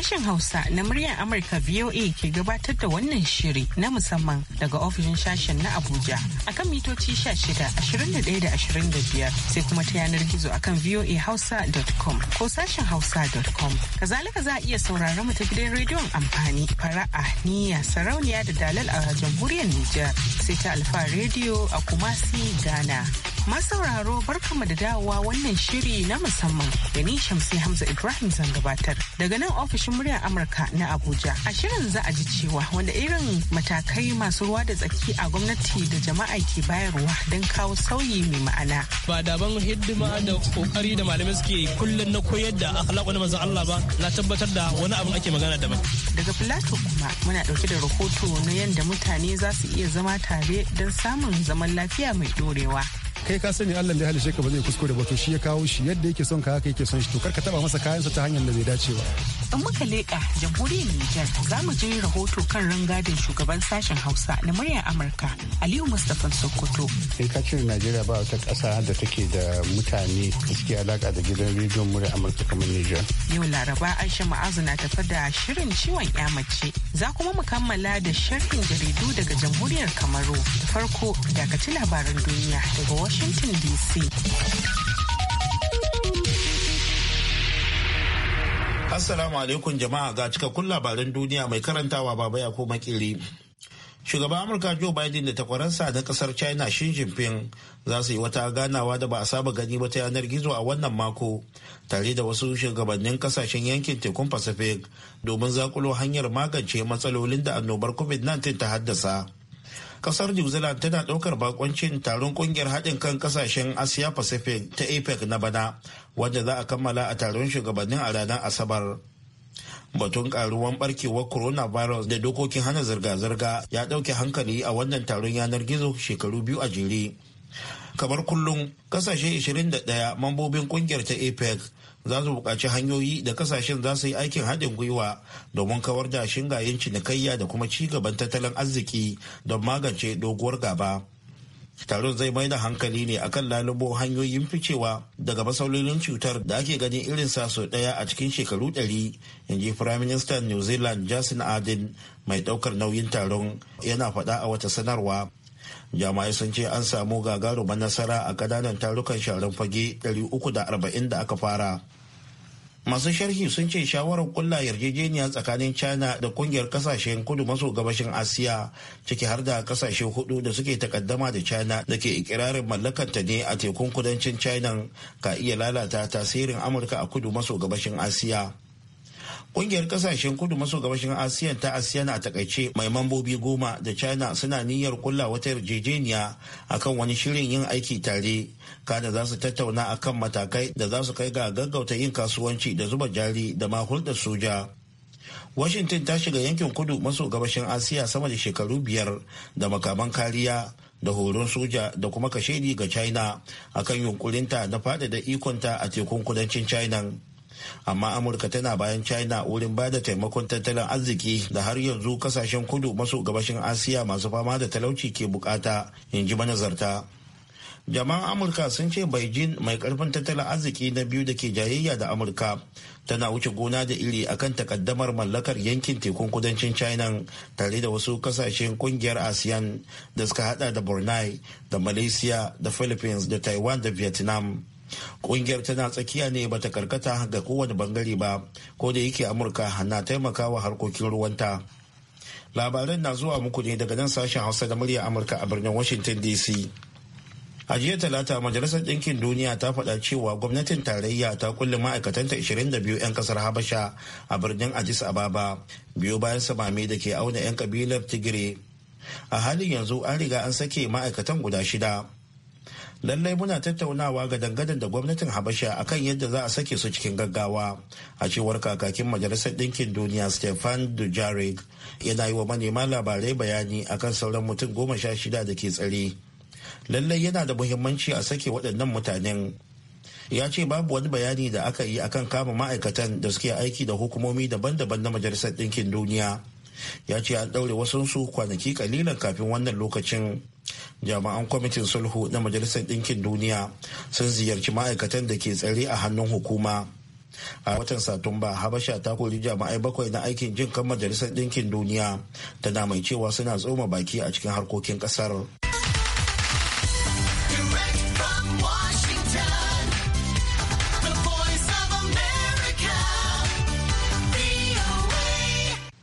Sashen Hausa na muryar Amurka VOA ke gabatar da wannan shiri na musamman daga ofishin sashen na Abuja akan mitoci 16, da da da biyar sai kuma ta yanar gizo akan voahausa.com ko sashen hausa hausa.com. Kazalika za a iya sauraron mu ta gidan rediyon amfani fara'a niyya sarauniya da dalal a jamhuriyar Nijar sai ta alfa rediyo a Kumasi Ghana. Masauraro barkamu da dawowa wannan shiri na musamman da ni Shamsi Hamza Ibrahim zan gabatar daga nan ofishin ofishin murya Amurka na Abuja. A shirin za a ji cewa wanda irin matakai masu ruwa da tsaki a gwamnati da jama'a ke bayarwa don kawo sauyi mai ma'ana. Ba daban hidima da kokari da malamai suke kullum na koyar da akhlaqu na Allah ba na tabbatar da wani abu ake magana da daban. Daga Filato kuma muna ɗauke da rahoto na yadda mutane za su iya zama tare don samun zaman lafiya mai ɗorewa. kai ka sani Allah da halishe ka ba zai kuskure ba to shi ya kawo shi yadda yake son ka haka yake son shi to kar ka taba masa kayan kayansa ta hanyar da bai dace ba in muka leƙa jamhuriyar Nijar za mu je rahoto kan rangadin shugaban sashen Hausa na muryar Amurka Aliyu Mustapha Sokoto. Sai ka cire Najeriya ba wata ƙasa da take da mutane da suke alaƙa da gidan rediyon muryar Amurka kamar Nijar. Yau Laraba Aisha Ma'azu na tafi da shirin ciwon ya mace. Za kuma mu kammala da sharhin jaridu daga jamhuriyar Kamaru. Da farko dakaci labaran duniya daga Washington DC. Assalamu alaikum jama'a ga cikakkun labaran duniya mai karantawa baba ya ko makili. Shugaban Amurka Joe Biden da takwaransa na kasar China Xi Jinping za su yi wata ganawa da ba a saba gani ba ta yanar gizo a wannan mako tare da wasu shugabannin kasashen yankin tekun Pacific domin zakulo hanyar magance matsalolin da annobar COVID-19 ta haddasa. kasar new zealand tana daukar bakoncin taron kungiyar haɗin kan kasashen asia pacific ta apec na bana wanda za a kammala a taron shugabannin a ranar asabar batun karuwan barkewar coronavirus da dokokin hana zirga-zirga ya ɗauke hankali a wannan taron yanar gizo shekaru biyu a jere kamar kullum kasashe 21 mambobin kungiyar ta apec za su buƙaci hanyoyi da kasashen za su yi aikin haɗin gwiwa domin kawar da shingayen cinikayya da kuma ci gaban tattalin arziki don magance doguwar gaba. taron zai mai da hankali ne akan lalubo hanyoyin ficewa daga masaulolin cutar da ake ganin sa sau daya a cikin shekaru ɗari in ji prime minister new zealand jason arden mai ɗaukar nauyin taron yana faɗa a wata sanarwa jama'ai sun ce an samu gagarumar nasara a kananan tarukan sharan fage 340 da aka fara masu sharhi sun ce shawarar kulla yarjejeniya tsakanin china da kungiyar kasashen kudu maso gabashin asiya ciki har da kasashe hudu da suke takaddama da china da ke ikirarin mallakanta ne a tekun kudancin china ka iya lalata tasirin amurka a kudu maso gabashin asiya Kungiyar kasashen kudu maso gabashin Asiya ta Asiya na takaice mai mambobi goma da China suna niyyar kulla wata yarjejeniya akan wani shirin yin aiki tare kada za su tattauna akan matakai da za su kai ga gaggauta yin kasuwanci da zuba jari da ma hulɗar soja. Washington ta shiga yankin kudu maso gabashin Asiya sama da shekaru biyar da makaman kariya da horon soja da kuma kashedi ga China akan yunkurinta na faɗaɗa ikonta a tekun kudancin China. amma amurka tana bayan china wurin ba da taimakon tattalin arziki da har yanzu kasashen kudu maso gabashin asiya masu fama da talauci ke bukata in ji manazarta jama'an amurka sun ce beijing mai karfin tattalin arziki na biyu da ke jayayya da amurka tana wuce gona da iri akan takaddamar mallakar yankin tekun kudancin china tare da wasu kasashen kungiyar asean da suka hada da brunei da malaysia da philippines da taiwan da vietnam Ƙungiyar tana tsakiya ne bata karkata ga kowane bangare ba, ko da yake Amurka na taimakawa harkokin ruwanta. Labaran na zuwa muku ne daga nan sashen Hausa da murya Amurka a birnin Washington DC. a jiya talata majalisar ɗinkin duniya ta faɗa cewa gwamnatin tarayya ta kulle ma'aikatanta 22 'yan kasar habasha a birnin addis ababa biyu bayan samami da ke auna 'yan kabilar tigire a halin yanzu an riga an sake ma'aikatan guda shida lallai muna tattaunawa ga dangadan da gwamnatin habasha akan yadda za a sake su cikin gaggawa a cewar kakakin majalisar ɗinkin duniya stefan dujarric yana yi wa manema labarai bayani akan sauran mutum goma sha shida da ke tsare lallai yana da muhimmanci a sake waɗannan mutanen ya ce babu wani bayani da aka yi akan kama ma'aikatan da suke aiki da hukumomi daban-daban na majalisar ɗinkin duniya ya ce an ɗaure wasunsu kwanaki kalilan kafin wannan lokacin jami'an kwamitin sulhu na majalisar ɗinkin duniya sun ziyarci ma'aikatan da ke tsare a hannun hukuma a watan satumba habasha ta kori jami'ai bakwai na aikin jin kan majalisar ɗinkin duniya tana mai cewa suna tsoma baki a cikin harkokin ƙasar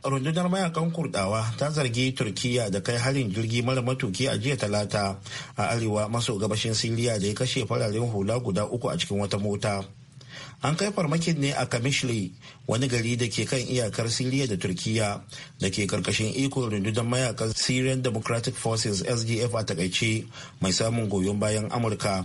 rundunar mayakan kurdawa ta zargi turkiya da kai harin jirgi mara matuki a jiya talata a arewa maso gabashin siriya da ya kashe fararen hula guda uku a cikin wata mota an kai farmakin ne a kamishli wani gari da ke kan iyakar siriya da turkiya da ke karkashin ikon rundunar mayakan syrian democratic forces sdf a takaice mai samun goyon bayan amurka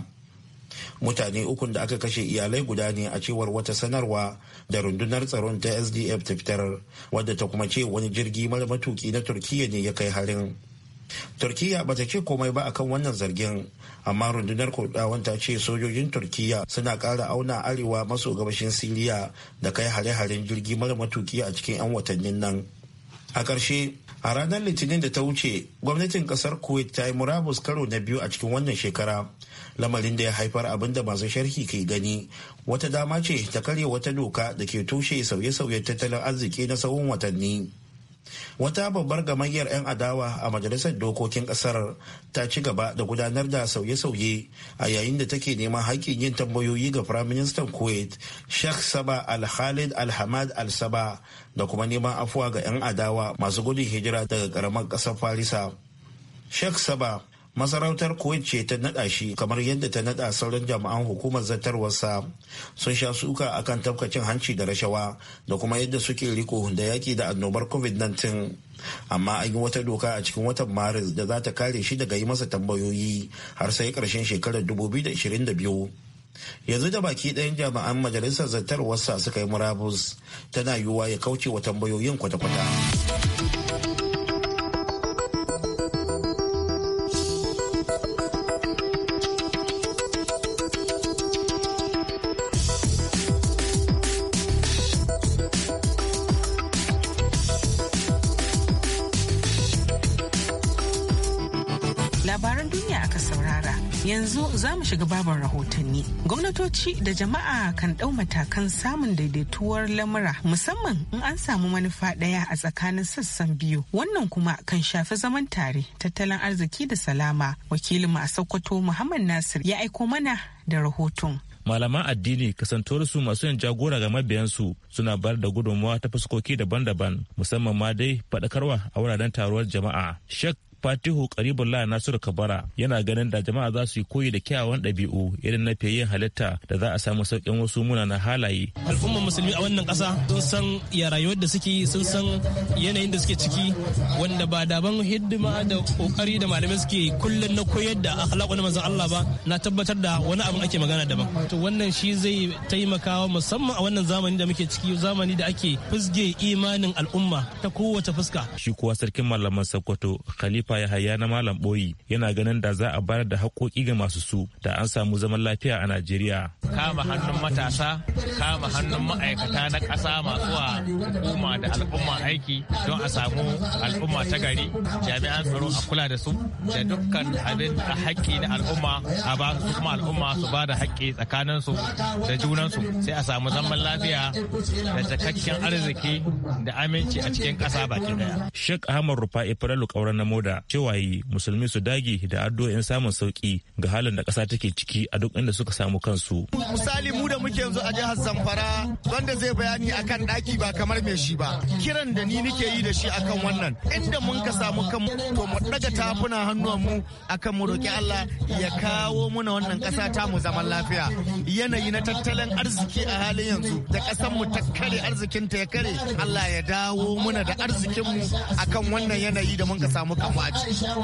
mutane ukun da aka kashe iyalai guda ne a cewar wata sanarwa da rundunar tsaron ta sdf ta fitar wadda ta kuma ce wani jirgi mara matuki na turkiya ne ya kai harin turkiya bata ce komai ba akan wannan zargin amma rundunar kurdawan ta ce sojojin turkiya suna ƙara auna arewa maso gabashin siriya da kai hare-haren jirgi mara matuki a cikin 'yan watannin nan a ƙarshe a ranar litinin da ta wuce gwamnatin ƙasar kuwait ta yi murabus karo na biyu a cikin wannan shekara lamarin da ya haifar abin da masu sharhi ke gani wata dama ce ta karya wata doka da ke tushe sauye-sauyen tattalin arziki na tsawon watanni wata babbar gamayyar 'yan adawa a majalisar dokokin kasar ta ci gaba da gudanar da sauye-sauye a yayin da take neman haƙƙin yin tambayoyi ga firaministan kuwait sheikh saba al-khalid al-hamad al-saba da kuma neman afuwa ga 'yan adawa masu gudun hijira daga ƙaramar ƙasar farisa sheikh saba masarautar kuwait ce ta nada shi kamar yadda ta nada sauran jami'an hukumar zartarwarsa sun sha suka akan tafkacin hanci da rashawa da kuma yadda suke riko da yaki da annobar covid-19 amma an yi wata doka a cikin watan maris da za ta kare shi daga yi masa tambayoyi har sai karshen shekarar 2022 yanzu da baki ɗayan jami'an majalisar wasa suka yi murabus tana yiwuwa ya kauce wa tambayoyin kwata-kwata labaran duniya aka saurara yanzu za mu shiga babar rahotanni gwamnatoci da jama'a kan ɗau matakan samun daidaituwar lamura musamman in an samu manufa ɗaya a tsakanin sassan biyu wannan kuma kan shafi zaman tare tattalin arziki da salama wakilin a sokoto muhammad nasir ya aiko mana da rahoton malaman addini kasantuwarsu masu yin jagora ga mabiyansu suna bayar da gudunmawa ta fuskoki daban-daban musamman ma dai faɗakarwa a wuraren taruwar jama'a shek Fatihu Karibullah Nasiru Kabara yana ganin da jama'a za su yi koyi da kyawawan ɗabi'u irin na yin halitta da za a samu sauƙin wasu na halaye. Al'ummar musulmi a wannan ƙasa sun san ya rayuwar da suke sun san yanayin da suke ciki wanda ba daban hidima da ƙoƙari da malamai suke kullum na koyar da akhlaqu na manzon Allah ba na tabbatar da wani abin ake magana daban. To wannan shi zai taimakawa musamman a wannan zamani da muke ciki zamani da ake fusge imanin al'umma ta kowace fuska. Shi kuwa sarkin malaman Sokoto Khalifa mustapha yahaya na malam boyi yana ganin da za a bayar da haƙoƙi ga masu su da an samu zaman lafiya a najeriya kama hannun matasa kama hannun ma'aikata na ƙasa masu wa hukuma da al'umma aiki don a samu al'umma ta gari jami'an tsaro a kula da su da dukkan abin da haƙƙi na al'umma a ba su kuma al'umma su ba da haƙƙi su da junansu sai a samu zaman lafiya da cikakken arziki da aminci a cikin ƙasa baki ɗaya. Sheikh Ahmad Rufa'i Falalu Kauran na Moda cewa musulmi su dage da addu'o'in samun sauki ga halin da ƙasa take ciki a duk inda suka samu kansu. Misali mu da muke yanzu a jihar Zamfara wanda zai bayani akan ɗaki ba kamar me shi ba. Kiran da ni nake yi da shi akan wannan inda mun ka samu kanmu to mu daga tafuna hannuwan mu akan mu roki Allah ya kawo muna wannan ƙasa ta mu zaman lafiya. Yanayi na tattalin arziki a halin yanzu da ƙasar mu ta kare arzikinta ya kare Allah ya dawo muna da arzikin mu akan wannan yanayi da mun ka samu kanmu a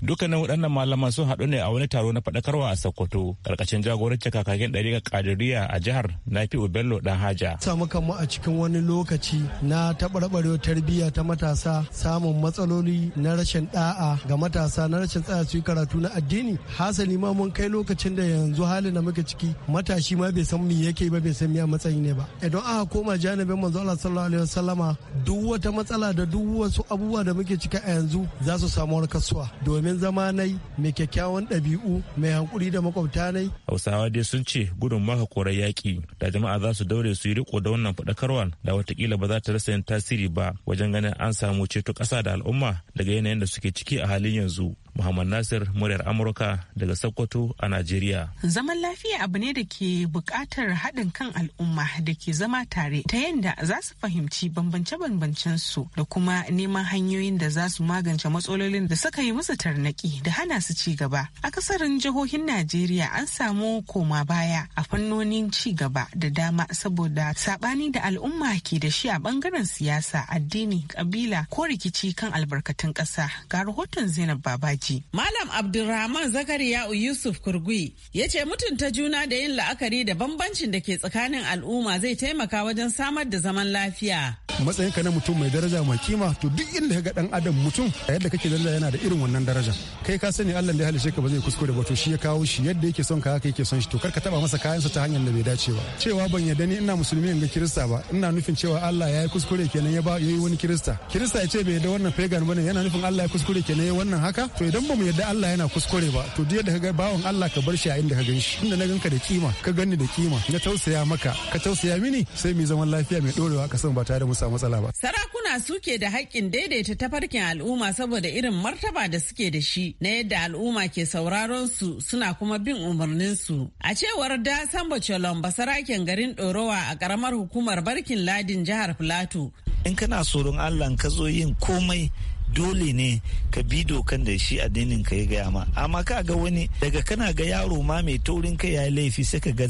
Dukkanin waɗannan malaman sun haɗu ne a wani taro na faɗakarwa a Sokoto karkashin jagorancin kakakin ɗari ga Kadiriya a jihar Nafi'u Bello Dan Haja. Samu kanmu a cikin wani lokaci na taɓarɓarewa tarbiyya ta matasa samun matsaloli na rashin ɗa'a ga matasa na rashin tsaya su karatu na addini. Hasali ma mun kai lokacin da yanzu halin da muke ciki matashi ma bai san me yake ba bai san me matsayi ne ba. Idan aka koma janibin manzo Allah sallallahu alaihi wasallama duk wata matsala da duk wasu abubuwa da muke ciki a yanzu za su samu warkar kasuwa domin zama nai mai kyakkyawan ɗabi'u mai hankuri da makwabta nai. Hausawa dai sun ce gudun maka korar yaƙi da jama'a za su daure su yi riko da wannan faɗakarwar da watakila ba za ta rasa yin tasiri ba wajen ganin an samu ceto ƙasa da al'umma daga yanayin da suke ciki a halin yanzu. Muhammad Nasir muryar Amurka daga Sokoto a Najeriya. Zaman lafiya abu ne da ke buƙatar haɗin kan al'umma da ke zama tare ta yadda za su fahimci bambance-bambancen su da kuma neman hanyoyin da za su magance matsalolin da suka yi musu tarnaki da hana su ci gaba. A kasarin jihohin Najeriya an samu koma baya a fannonin ci gaba da dama saboda saɓani da al'umma ke da shi a ɓangaren siyasa, addini, ƙabila ko rikici kan albarkatun ƙasa. Ga rahoton Zainab Babaji. aiki. Malam Abdulrahman Zakari Zakariya'u Yusuf Kurgui ya ce mutunta juna da yin la'akari da bambancin da ke tsakanin al'umma zai taimaka wajen samar da zaman lafiya. Matsayin ka na mutum mai daraja mai kima to duk inda ka ga dan adam mutum a yadda kake daraja yana da irin wannan daraja. Kai ka sani Allah da halishe ka ba zai kuskure ba to shi ya kawo shi yadda yake son ka haka yake son shi to kar ka taba masa kayan ta hanyar da bai dace ba. Cewa ban yadda ni ina musulmi in ga kirista ba ina nufin cewa Allah ya yi kuskure kenan ya ba yi wani kirista. Kirista ya ce bai yarda wannan pagan bane yana nufin Allah ya kuskure kenan ya wannan haka to idan ba mu yadda Allah yana kuskure ba to duk yadda ka ga bawan Allah ka bar shi a inda ka gan shi inda na ganka da kima ka ganni da kima na tausaya maka ka tausaya mini sai mu zaman lafiya mai dorewa san ba tare da mu samu matsala ba sarakuna suke da haƙƙin daidaita tafarkin al'umma saboda irin martaba da suke da shi na yadda al'umma ke sauraron su suna kuma bin umarnin su a cewar da Samba Cholon basaraken garin Dorowa a karamar hukumar Barkin Ladin jihar Plateau in kana tsoron Allah ka zo yin komai dole ne ka bi dokan da shi addinin ka ya gaya ma amma ka ga wani daga kana ga yaro ma mai taurin kai ya laifi sai ka ga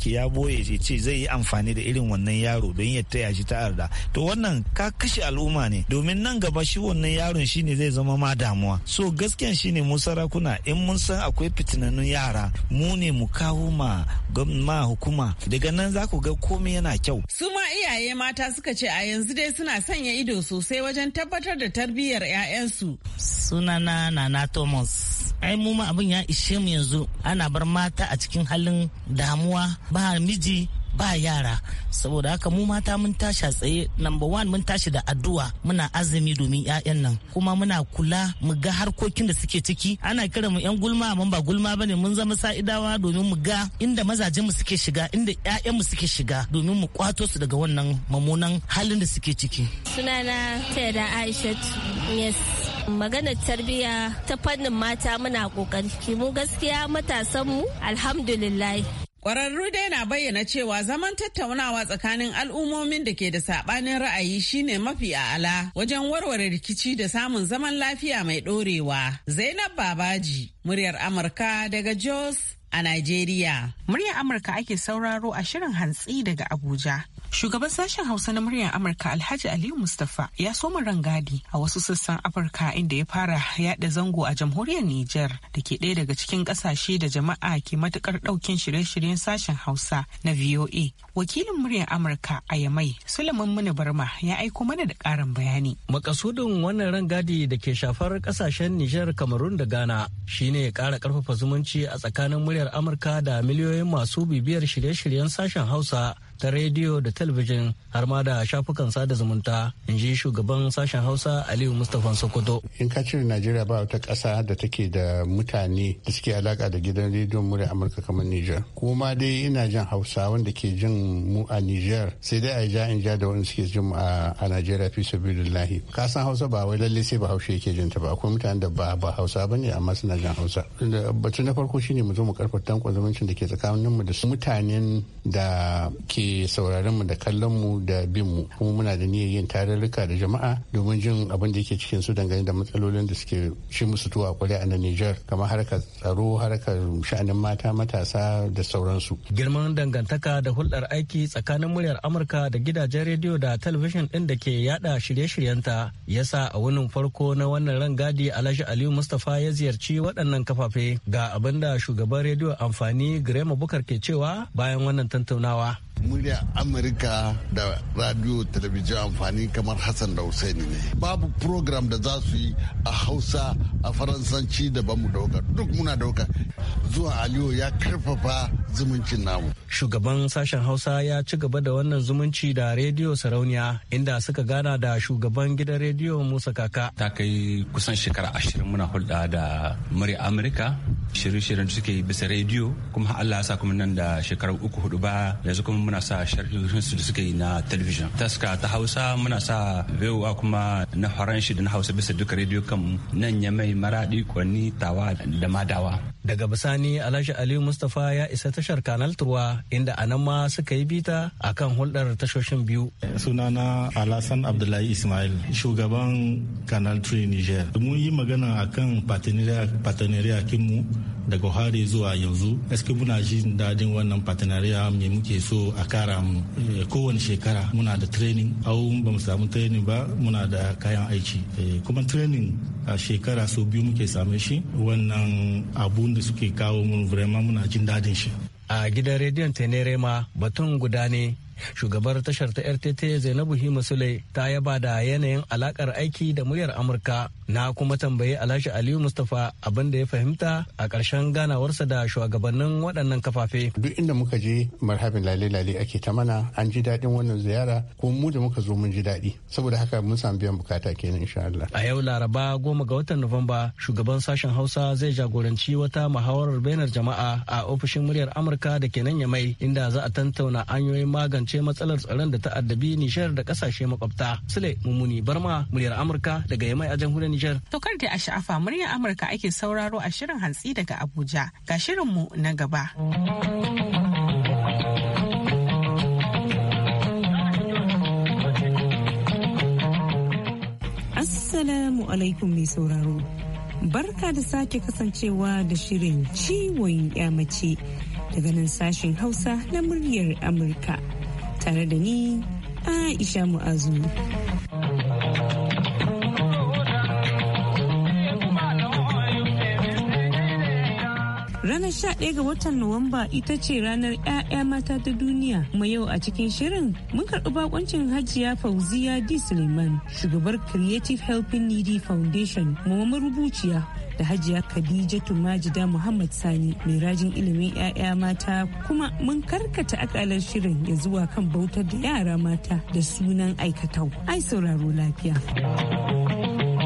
ke ya boye shi ce zai yi amfani da irin wannan yaro don ya taya shi ta arda to wannan ka kashe al'umma ne domin nan gaba shi wannan yaron shine zai zama ma damuwa so gaskiyan shine mu sarakuna in mun san akwai fitinannun yara mu ne mu kawo ma ma hukuma daga nan za ku ga komai yana kyau su ma iyaye mata suka ce a yanzu dai suna sanya ido sosai wajen tabbatar da tarbiyya tarbiyyar 'ya'yansu sunana nana thomas ai mu ma abin ya ishe mu yanzu ana bar mata a cikin halin damuwa ba miji ba yara saboda haka mu mata mun tashi tsaye number one mun tashi da addu'a muna azumi domin 'ya'yan nan kuma muna kula mu ga harkokin da suke ciki ana kira mu 'yan gulma amma ba gulma bane mun zama sa'idawa domin mu ga inda mazajen mu suke shiga inda 'ya'yan mu suke shiga domin mu kwato su daga wannan mummunan halin da suke ciki sunana tayyada aisha yes maganar tarbiyya ta fannin mata muna kokari mu gaskiya matasan mu alhamdulillah Kwararru dai na bayyana cewa zaman tattaunawa tsakanin al'ummomin da ke da saɓanin ra'ayi shine mafi a'ala wajen warware rikici da samun zaman lafiya mai ɗorewa. Zainab Babaji, muryar Amurka daga Jos a Najeriya. Muryar Amurka ake sauraro a shirin hantsi daga Abuja. Shugaban sashen Hausa na muryar Amurka Alhaji Aliyu Mustapha ya soma rangadi a wasu sassan Afirka inda ya fara yada zango a jamhuriyar Nijar da ke ɗaya daga cikin ƙasashe da jama'a ke matukar ɗaukin shirye-shiryen sashen Hausa na VOA. Wakilin muryar Amurka a Yamai Sulaiman Muni Barma ya aiko mana da ƙarin bayani. Makasudin wannan rangadi da ke shafar ƙasashen Nijar, Kamarun da Ghana shine ƙara ƙarfafa zumunci a tsakanin muryar Amurka da miliyoyin masu bibiyar shirye-shiryen sashen Hausa ta rediyo da talabijin har ma da shafukan sada zumunta in ji shugaban sashen hausa aliyu mustapha sokoto in ka cire najeriya ba wata ƙasa da take da mutane da suke alaka da gidan rediyon murya amurka kamar niger kuma dai ina jan hausa wanda ke jin mu a niger sai dai a ja in ja da wani suke jin a najeriya fi sabilillahi ka san hausa ba wai lallai sai ba hausa yake jin ta ba akwai mutanen da ba ba hausa ba ne amma suna jin hausa batu na farko shine mu zo mu karfafa tankon zumuncin da ke tsakaninmu da mutanen da ke sauraron mu da kallon mu da bin mu kuma muna da niyyar yin tarurruka da jama'a domin jin abin da yake cikin su dangane da matsalolin da suke shi musu tuwa kwarai a Niger kamar harkar tsaro harkar sha'anin mata matasa da sauransu. Girman dangantaka da hulɗar aiki tsakanin muryar Amurka da gidajen rediyo da talabijin ɗin da ke yada shirye-shiryenta yasa a wunin farko na wannan rangadi Alhaji Aliyu Mustapha ya ziyarci waɗannan kafafe ga abin da shugaban rediyo amfani Grema Bukar ke cewa bayan wannan tattaunawa. Murya Amurka da radio talabijin amfani kamar Hassan da Hussaini ne. Babu program da za su yi a Hausa a Faransanci da bamu dauka duk muna dauka. Zuwa Aliyu ya karfafa zumuncin namu. Shugaban sashen Hausa ya ci gaba da wannan zumunci da rediyo sarauniya inda suka gana da shugaban gidan rediyo Musa Kaka. Ta kai kusan shekara ashirin muna hulɗa da murya Amurka shirye-shiryen da suke bisa rediyo kuma Allah ya sa kuma nan da shekaru uku hudu ba yanzu kuma muna sa sharhin su da suke yi na talabijin taska ta hausa muna sa VOA kuma na faranshi da na hausa bisa duka rediyo kan nan ya mai maradi kwanni tawa da madawa daga bisani alhaji aliyu mustapha ya isa tashar kanal turwa inda a nan ma suka yi bita a kan hulɗar tashoshin biyu sunana alasan abdullahi ismail shugaban kanal turwa niger mun yi magana a kan partenariya kinmu daga hari zuwa yanzu eske muna jin dadin wannan partenariya mai muke so a kara mu eh, kowane shekara muna da training au ba mu samu training ba muna da kayan aiki eh, kuma training a shekara sau biyu muke same shi wannan abun da suke kawo mun vraiment muna jin dadin shi a gidan rediyon ma batun guda ne shugabar tashar ta rtt zainabu hima sule ta yaba da yanayin alakar aiki da muryar amurka na kuma tambayi alhaji aliyu mustapha abin da ya fahimta a karshen ganawarsa da shugabannin waɗannan kafafe duk inda muka je marhabin lale lale ake ta mana an ji daɗin wannan ziyara ko mu da muka zo mun ji daɗi saboda haka mun samu biyan bukata kenan insha Allah a yau laraba goma ga watan nuwamba shugaban sashen hausa zai jagoranci wata muhawarar bainar jama'a a ofishin muryar amurka da ke nan ya mai inda za a tantauna hanyoyin maganin. magance matsalar tsaron da addabi Nijar da kasashe makwabta. Sule Mumuni Barma muryar Amurka daga Yamai a jamhuriyar Nijar. Tokar da a sha'afa muryar Amurka ake sauraro a shirin hantsi daga Abuja. Ga shirin mu na gaba. Assalamu alaikum mai sauraro. Barka da sake kasancewa da shirin ciwon mace daga nan sashen Hausa na muryar Amurka. tare da ni Aisha Mu'azu. Ranar 11 ga watan Nuwamba ita ce ranar 'ya'ya mata ta duniya. Kuma yau a cikin shirin mun karɓi bakoncin Hajiya Fauziya D. Suleiman, shugabar Creative Helping Needy Foundation, kuma marubuciya da hajiya khadijatu majida muhammad sani mai rajin ilimin 'ya'ya mata kuma mun karkata akalar shirin ya zuwa kan bautar da yara mata da sunan aikatau ai sauraro lafiya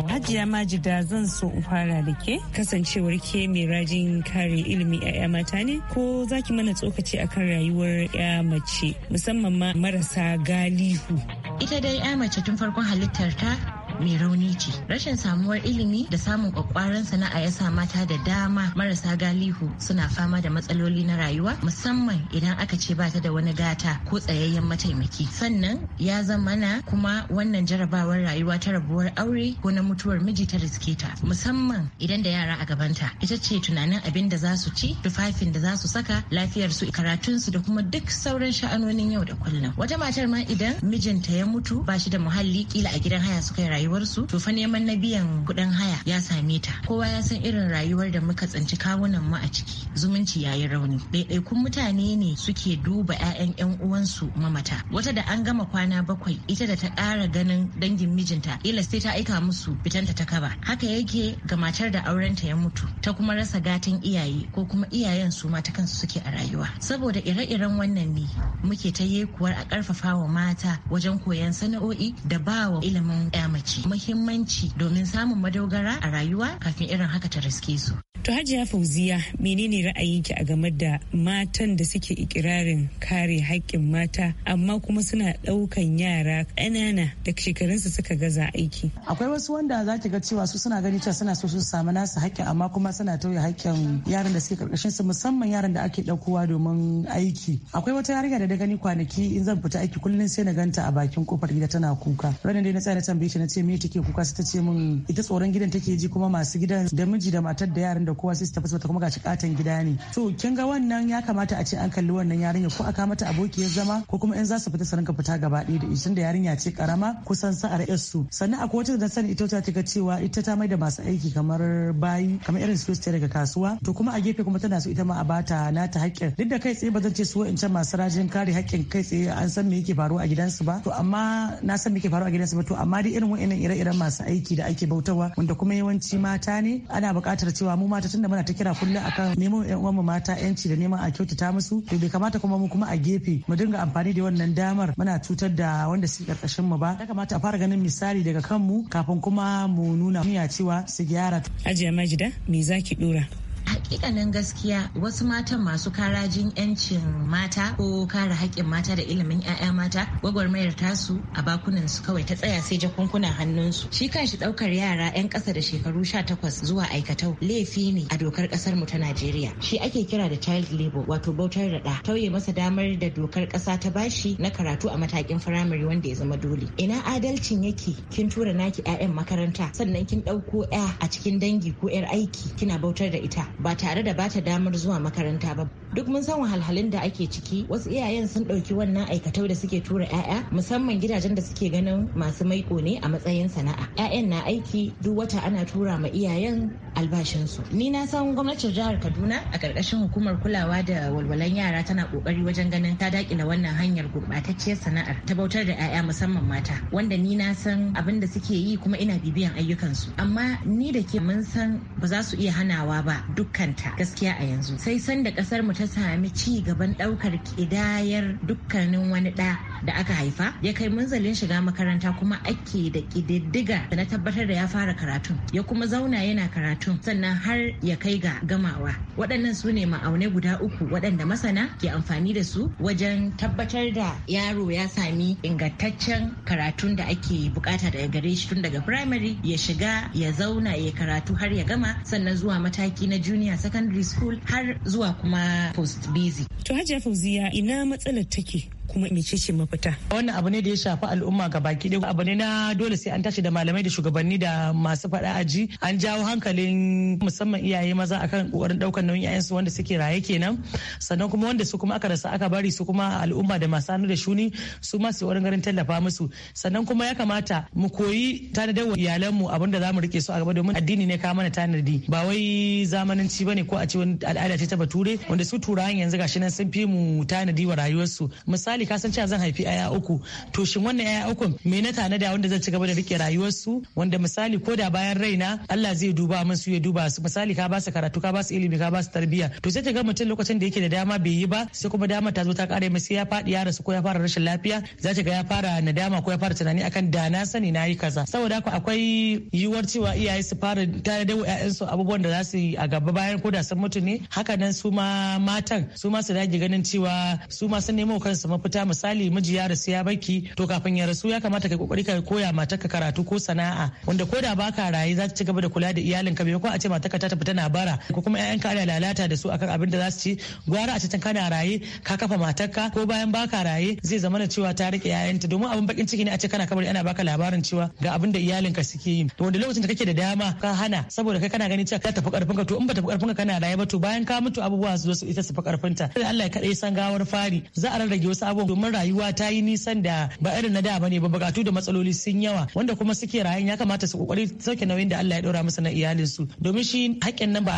Hajiya Majida zan so in fara da ke kasancewar ke mai rajin kare ilimi 'ya'ya mata ne ko zaki mana tsokaci akan rayuwar 'ya mace musamman ma marasa galihu. Ita dai 'ya mace tun farkon halittarta. mai rauni ce rashin samuwar ilimi da samun kwakwaran sana'a ya sa mata da dama marasa galihu suna fama da matsaloli na rayuwa musamman idan aka ce ba ta da wani gata ko tsayayyen mataimaki sannan ya zamana kuma wannan jarabawar rayuwa ta rabuwar aure ko na mutuwar miji ta riske ta musamman idan da yara a gabanta ita ce tunanin abin da za su ci tufafin da za su saka lafiyar su karatun su da kuma duk sauran sha'anonin yau da kullum wata matar ma idan mijinta ya mutu ba shi da muhalli kila a gidan haya suka yi rayuwa rayuwarsu to fa neman na biyan kuɗin haya ya same ta kowa ya san irin rayuwar da muka tsinci kawunan mu a ciki zumunci yayi rauni ɗaiɗaikun mutane ne suke duba 'ya'yan 'yan uwansu mamata wata da an gama kwana bakwai ita da ta ƙara ganin dangin mijinta ila sai ta aika musu fitanta ta kaba haka yake ga matar da aurenta ya mutu ta kuma rasa gatan iyaye ko kuma iyayen su mata kansu suke a rayuwa saboda ire-iren wannan ne muke ta yekuwar a ƙarfafa wa mata wajen koyon sana'o'i da ba wa ilimin ya mace muhimmanci domin samun madogara a rayuwa kafin irin haka ta riske su. To Hajiya Fauziya menene ra'ayinki a game da matan da suke ikirarin kare haƙƙin mata amma kuma suna ɗaukan yara ƙanana da shekarunsu suka gaza aiki. Akwai wasu wanda za ki ga cewa su suna gani cewa suna so su samu nasu haƙƙin amma kuma suna tauye haƙƙin yaran da suke karkashin su musamman yaran da ake ɗaukowa domin aiki. Akwai wata yarinya da da gani kwanaki in zan fita aiki kullum sai na ganta a bakin kofar gida tana kuka. Ranar dai na tsaya na tambaye ta na ce me take kuka sai ta ce min ita tsoron gidan take ji kuma masu gidan da miji da matar da yaran da kowa sai ta kuma gashi katan gida ne to kin ga wannan ya kamata a ce an kalli wannan yarinya ko aka mata abokiyar zama ko kuma in za su fita su rinka fita gaba ɗaya da ishin da yarinya ce karama kusan sa'ar yar su sannan akwai wata da sani ita ta ga cewa ita ta mai da masu aiki kamar bayi kamar irin su daga kasuwa to kuma a gefe kuma tana so ita ma a bata ta haƙƙin duk da kai tsaye ba zan ce su wa'ancan masu rajin kare haƙƙin kai tsaye an san me yake faruwa a gidansu ba to amma na san me yake faruwa a gidansu ba to amma dai irin wa'annan sauran ire-iren masu aiki da ake bautawa wanda kuma yawanci mata ne ana buƙatar cewa mu mata tunda muna ta kira kullum akan neman yan uwanmu mata yanci da neman a kyautata musu to bai kamata kuma mu kuma a gefe mu dinga amfani da wannan damar muna cutar da wanda suke karkashin mu ba ya kamata a fara ganin misali daga kanmu kafin kuma mu nuna miya cewa su gyara. Ajiya Majida me zaki dora? hakikanin gaskiya wasu matan masu karajin 'yancin mata ko kare haƙƙin mata da ilimin 'ya'ya mata gwagwarmayar tasu a bakunansu kawai ta tsaya sai jakunkunan hannunsu shi kanshi ɗaukar yara 'yan ƙasa da shekaru sha takwas zuwa aikatau laifi ne a dokar ƙasar mu ta Najeriya shi ake kira da child labor wato bautar da ɗa tauye masa damar da dokar ƙasa ta bashi na karatu a matakin firamare wanda ya zama dole ina adalcin yake kin tura naki 'ya'yan makaranta sannan kin ɗauko 'ya a cikin dangi ko 'yar aiki kina bautar da ita ba tare da bata damar zuwa makaranta ba duk mun san wahalhalun da ake ciki wasu iyayen sun ɗauki wannan aikatau da suke tura 'ya'ya musamman gidajen da suke ganin masu maiko ne a matsayin sana'a 'ya'yan na aiki duk wata ana tura ma iyayen albashinsu ni na san gwamnatin jihar kaduna a ƙarƙashin hukumar kulawa da walwalan yara tana ƙoƙari wajen ganin ta daƙila wannan hanyar gurɓatacciyar sana'ar ta bautar da 'ya'ya musamman mata wanda ni na san abin da suke yi kuma ina bibiyan ayyukansu amma ni da ke mun san ba za su iya hanawa ba duk kanta gaskiya a yanzu sai sanda kasar mu ta sami ci gaban daukar kidayar dukkanin wani da da aka haifa ya kai munzalin shiga makaranta kuma ake da ƙididdiga da na tabbatar da ya fara karatun ya kuma zauna yana karatun sannan har ya kai ga gamawa waɗannan su ne ma'aunai guda uku waɗanda masana ke amfani da su wajen tabbatar da yaro ya sami ingantaccen karatun da ake bukata daga gare shi tun daga primary ya shiga ya zauna ya karatu har ya gama sannan zuwa mataki na junior secondary school har zuwa kuma post busy to hajiya fauziya ina matsalar take kuma mecece mafita wannan abu ne da ya shafi al'umma ga baki ɗaya abu ne na dole sai an tashi da malamai da shugabanni da masu faɗa aji an jawo hankalin musamman iyaye maza akan ƙoƙarin ɗaukar nauyin 'ya'yansu wanda suke raye kenan sannan kuma wanda su kuma aka rasa aka bari su kuma al'umma da masu hannu da shuni su ma su wurin garin tallafa musu sannan kuma ya kamata mu koyi tanadar wa iyalanmu abin da za mu rike su a gaba domin addini ne ka mana tanadi ba wai zamananci ne ko a ce wani al'ada ce ta bature wanda su turawan yanzu gashi nan sun fi mu tanadi wa rayuwarsu misali misali ka san cewa zan haifi yaya uku to shin wannan yaya uku me na tana da wanda zan ci gaba da rike rayuwarsu wanda misali ko da bayan raina Allah zai duba min su ya duba su misali ka ba karatu ka ba ilimi ka ba tarbiyya to sai ta ga mutum lokacin da yake da dama bai yi ba sai kuma dama ta zo ta kare masa ya fadi ya rasu ko ya fara rashin lafiya za ta ga ya fara nadama ko ya fara tunani akan da na sani na yi kaza saboda haka akwai yiwuwar cewa iyaye su fara ta da ƴaƴansu abubuwan da za su yi a gaba bayan ko da sun mutu ne haka nan su ma matan su ma su dage ganin cewa su ma sun nemo kansu fita misali miji ya rasu ya baki to kafin ya rasu ya kamata kai kokari ka koya matarka karatu ko sana'a wanda ko da baka raye za ta ci gaba da kula da iyalin ka maimakon a ce matarka ta tafi tana bara ko kuma ƴaƴanka ana lalata da su akan abin da za su ci gwara a cikin kana raye ka kafa matarka ko bayan baka raye zai zama cewa ta rike ƴaƴanta domin abin bakin ciki ne a ce kana kamar ana baka labarin cewa ga abin da iyalinka suke yi to wanda lokacin da kake da dama ka hana saboda kai kana ganin cewa ka tafi ka to in ba tafi ka kana raye ba to bayan ka mutu abubuwa su zo su ita su fi ta Allah ya kaɗai san gawar fari za a rarrage wasu abun domin rayuwa ta yi nisan da ba irin na da ba ne ba bukatu da matsaloli sun yawa wanda kuma suke rayan ya kamata su kokari sauke nauyin da Allah ya dora masa na iyalin su domin shi hakkin nan ba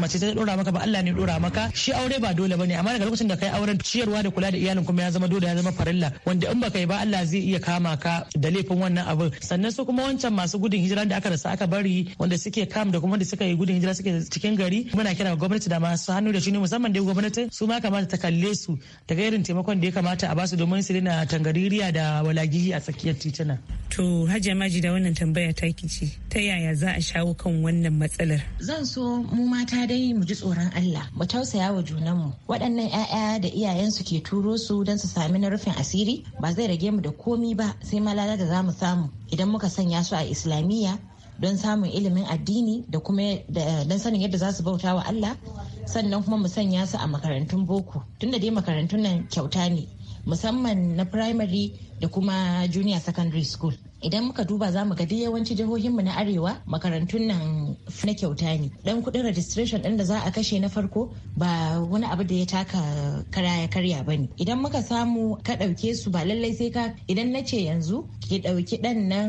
mace ta dora maka ba Allah ne dora maka shi aure ba dole bane amma daga lokacin da kai auren ciyarwa da kula da iyalin kuma ya zama dole ya zama farilla wanda in baka yi ba Allah zai iya kama ka da laifin wannan abin sannan su kuma wancan masu gudun hijira da aka rasa aka bari wanda suke kam da kuma da suka yi gudun hijira suke cikin gari muna kira gwamnati da masu hannu da shi ne musamman da gwamnati su ma kamata ta kalle su daga irin taimakon da ya kamata kamata a basu domin su daina tangaririya da walagihi a tsakiyar tituna. To Hajiya Maji da wannan tambaya ta ce ta yaya za a shawo kan wannan matsalar? Zan so mu mata dai mu ji tsoron Allah mu tausaya wa junanmu waɗannan 'ya'ya da iyayensu ke turo su don su sami na rufin asiri ba zai rage mu da komi ba sai malala da za mu samu idan muka sanya su a islamiyya don samun ilimin addini da kuma don sanin yadda za su bauta wa Allah sannan kuma mu sanya su a makarantun boko tunda dai makarantun nan kyauta ne musamman na primary da kuma junior secondary school idan muka duba za mu ga duk yawanci jihohinmu na arewa makarantun nan na kyauta ne dan kudin registration din da za a kashe na farko ba wani abu da ya taka kara ya karya ba ne idan muka samu ka ɗauke su ba lallai sai ka idan na ce yanzu ki ɗauki ɗan nan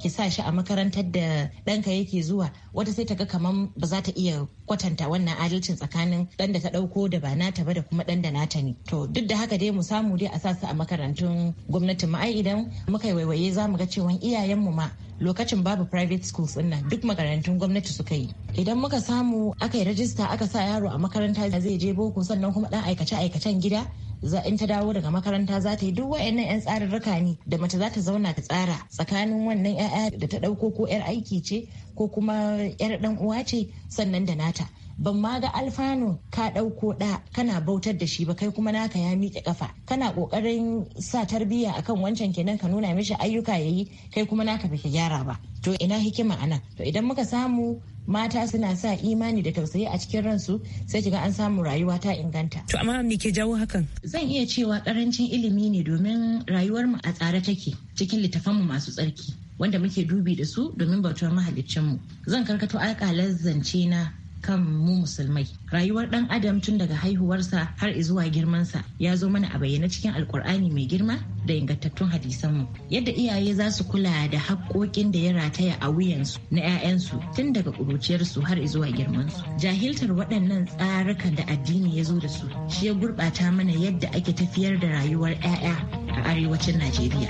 ki sa shi a makarantar da ɗanka yake zuwa wata sai ta ga kamar ba za ta iya kwatanta wannan adalcin tsakanin dan da ta dauko da ba nata ba da kuma dan da nata ne to duk da haka dai mu samu dai a sa su a makarantun gwamnati mu ai idan muka yi waiwaye za mu ga cewa iyayenmu ma lokacin babu private schools din nan duk makarantun gwamnati suka yi idan muka samu aka yi rajista aka sa yaro a makaranta zai je boko sannan kuma dan aikace aikacen gida Za in ta dawo daga makaranta za ta yi duk wa'annan 'yan tsarurruka ne da mace za ta zauna ta tsara tsakanin wannan 'ya'ya da ta ɗauko ko 'yar aiki ce ko kuma 'yar ɗan uwa ce sannan da nata ban ma ga alfano ka ɗauko ɗa kana bautar da shi ba kai kuma naka ya miƙe ƙafa kana ƙoƙarin sa tarbiyya akan wancan kenan ka nuna mishi ayyuka yayi kai kuma naka baka gyara ba to ina hikima anan to idan muka samu mata suna sa imani da tausayi a cikin ransu sai kiga an samu rayuwa ta inganta. To amma me ke jawo hakan? Zan iya cewa karancin ilimi ne domin rayuwar mu a tsare take cikin mu masu tsarki wanda muke dubi da su domin bautar mahaliccin mu. Zan karkato alƙalar zance na kan mu musulmai rayuwar dan adam tun daga haihuwarsa har zuwa girmansa ya zo mana a bayyana cikin alkur'ani mai girma da ingantattun hadisan mu yadda iyaye za su kula da haƙƙoƙin da ya rataya a wuyansu na 'ya'yansu tun daga ƙuruciyarsu har zuwa girmansu jahiltar waɗannan tsarukan da addini ya zo da su shi ya gurɓata mana yadda ake tafiyar da rayuwar 'ya'ya a arewacin najeriya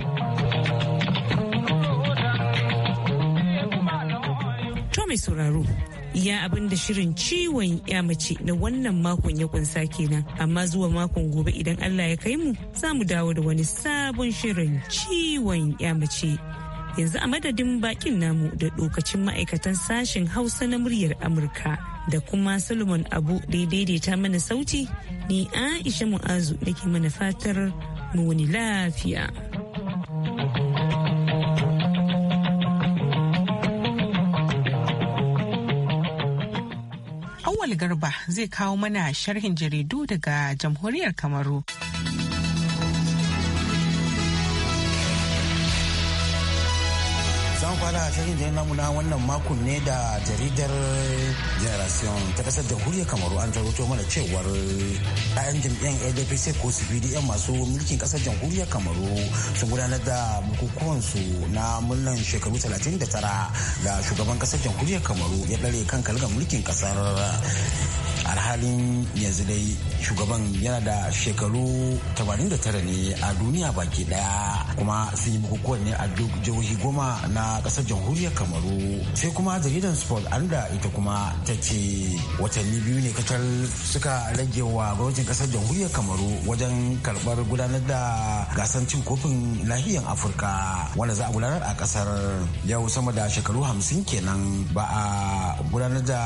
to mai sauraro iya abin da shirin ciwon ya mace na wannan makon ya kunsa kenan amma zuwa makon gobe idan allah ya kai mu za mu dawo da wani sabon shirin ciwon ya mace yanzu a madadin bakin namu da dokacin ma'aikatan sashen hausa na muryar amurka da kuma solomon abu daidaita mana sauti ni aisha mu'azu nake mana fatar mu wani lafiya. Garba zai kawo mana sharhin jaridu daga jamhuriyar Kamaru. shirin da namu na wannan makon ne da jaridar generation ta kasar jamhuriyar kamaru an taroto mana cewar ɗayan jam'iyyar ldpc ko su yan masu mulkin kasar jamhuriyar kamaru sun gudanar da bukukuwansu na murnan shekaru 39 da shugaban kasar jamhuriyar kamaru ya ɗare kan kalgar mulkin kasar alhalin yanzu dai shugaban yana da shekaru 89 ne a duniya baki ɗaya. kuma sun yi bukukuwan ne a duk jihohi goma na kasar jamhuriyar kamaru sai kuma jaridar sport an da ita kuma ta ce watanni biyu ne kacal suka rage wa gwamnatin kasar jamhuriyar kamaru wajen karbar gudanar da gasar cin kofin nahiyar afirka wanda za a gudanar a kasar yau sama da shekaru hamsin kenan ba a gudanar da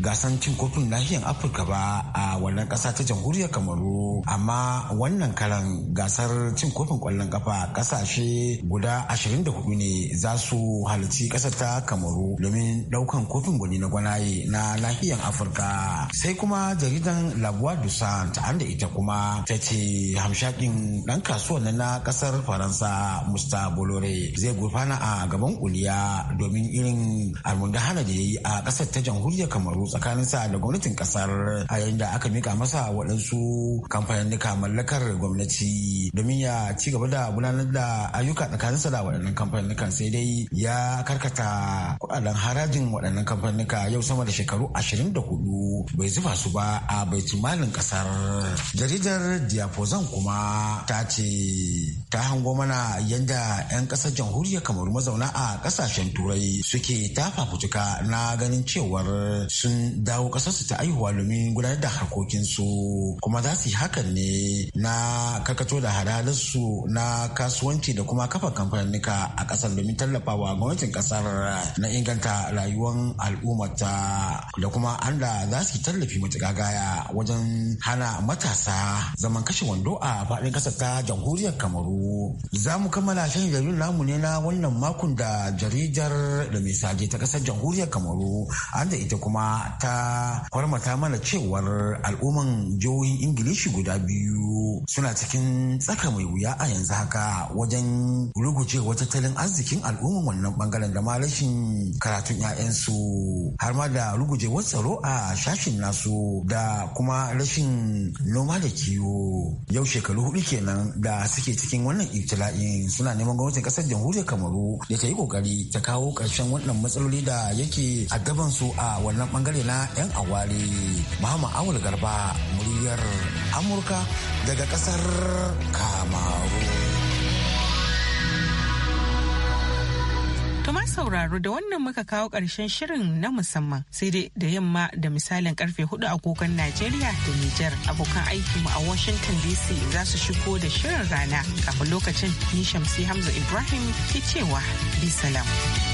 gasar cin kofin nahiyar afirka ba a wannan kasa ta jamhuriyar kamaru amma wannan karan gasar cin kofin kwallon kafa kasashe guda 24 ne za su halarci kasar ta kamaru domin daukan kofin gwani na gwanaye na nahiyar afirka sai kuma jaridan labuwa dusan ta da ita kuma ta ce hamshakin dan kasuwan na kasar faransa musta bolore zai gurfana a gaban kuliya domin irin hana da ya yi a kasar ta jamhuriyar kamaru tsakaninsa da gwamnatin kasar a yayin da aka mika masa waɗansu kamfanin mallakar gwamnati domin ya ci gaba da gudanar gudanar da ayyuka sa da waɗannan kamfanukan sai dai ya karkata kuɗaɗen harajin waɗannan kamfanuka yau sama da shekaru 24 bai zuba su ba a baitulmalin ƙasar jaridar diapozan kuma ta ce ta hango mana yadda 'yan ƙasar jamhuriyar kamaru mazauna a ƙasashen turai suke ta fafutuka na ganin cewar sun dawo ƙasarsu ta aihuwa domin gudanar da harkokinsu kuma za su yi hakan ne na karkato da hadalinsu na kasu kasuwanci da kuma kafa kamfanika a kasar domin tallafawa gwamnatin kasar na inganta rayuwar al'ummata da kuma anda da za su tallafi matuƙa gaya wajen hana matasa zaman kashe wando a faɗin ƙasar ta jamhuriyar kamaru za mu kammala shan jaridar namu ne na wannan makon da jaridar da mai sage ta ƙasar jamhuriyar kamaru an da ita kuma ta kwarmata mana cewar al'umman jihohin ingilishi guda biyu suna cikin tsaka mai wuya a yanzu haka wajen wajen rugujewa tattalin arzikin al'umman wannan bangaren da ma rashin karatun 'ya'yansu har ma da wa tsaro a shashin nasu da kuma rashin noma da kiwo yau shekaru hudu kenan da suke cikin wannan ibtila'in suna neman gwamnatin kasar jamhuriyar kamaru da ta yi kokari ta kawo karshen wannan matsaloli da yake addaban su a wannan bangare na 'yan aware mahama awul garba muryar amurka daga kasar kamaru. sauraro da wannan muka kawo ƙarshen shirin na musamman sai dai da yamma da misalin karfe hudu agogon Najeriya da Nijar abokan aikinmu a Washington DC za su shigo da shirin rana kafin lokacin ni Shamsi Hamza Ibrahim ke cewa bi salam.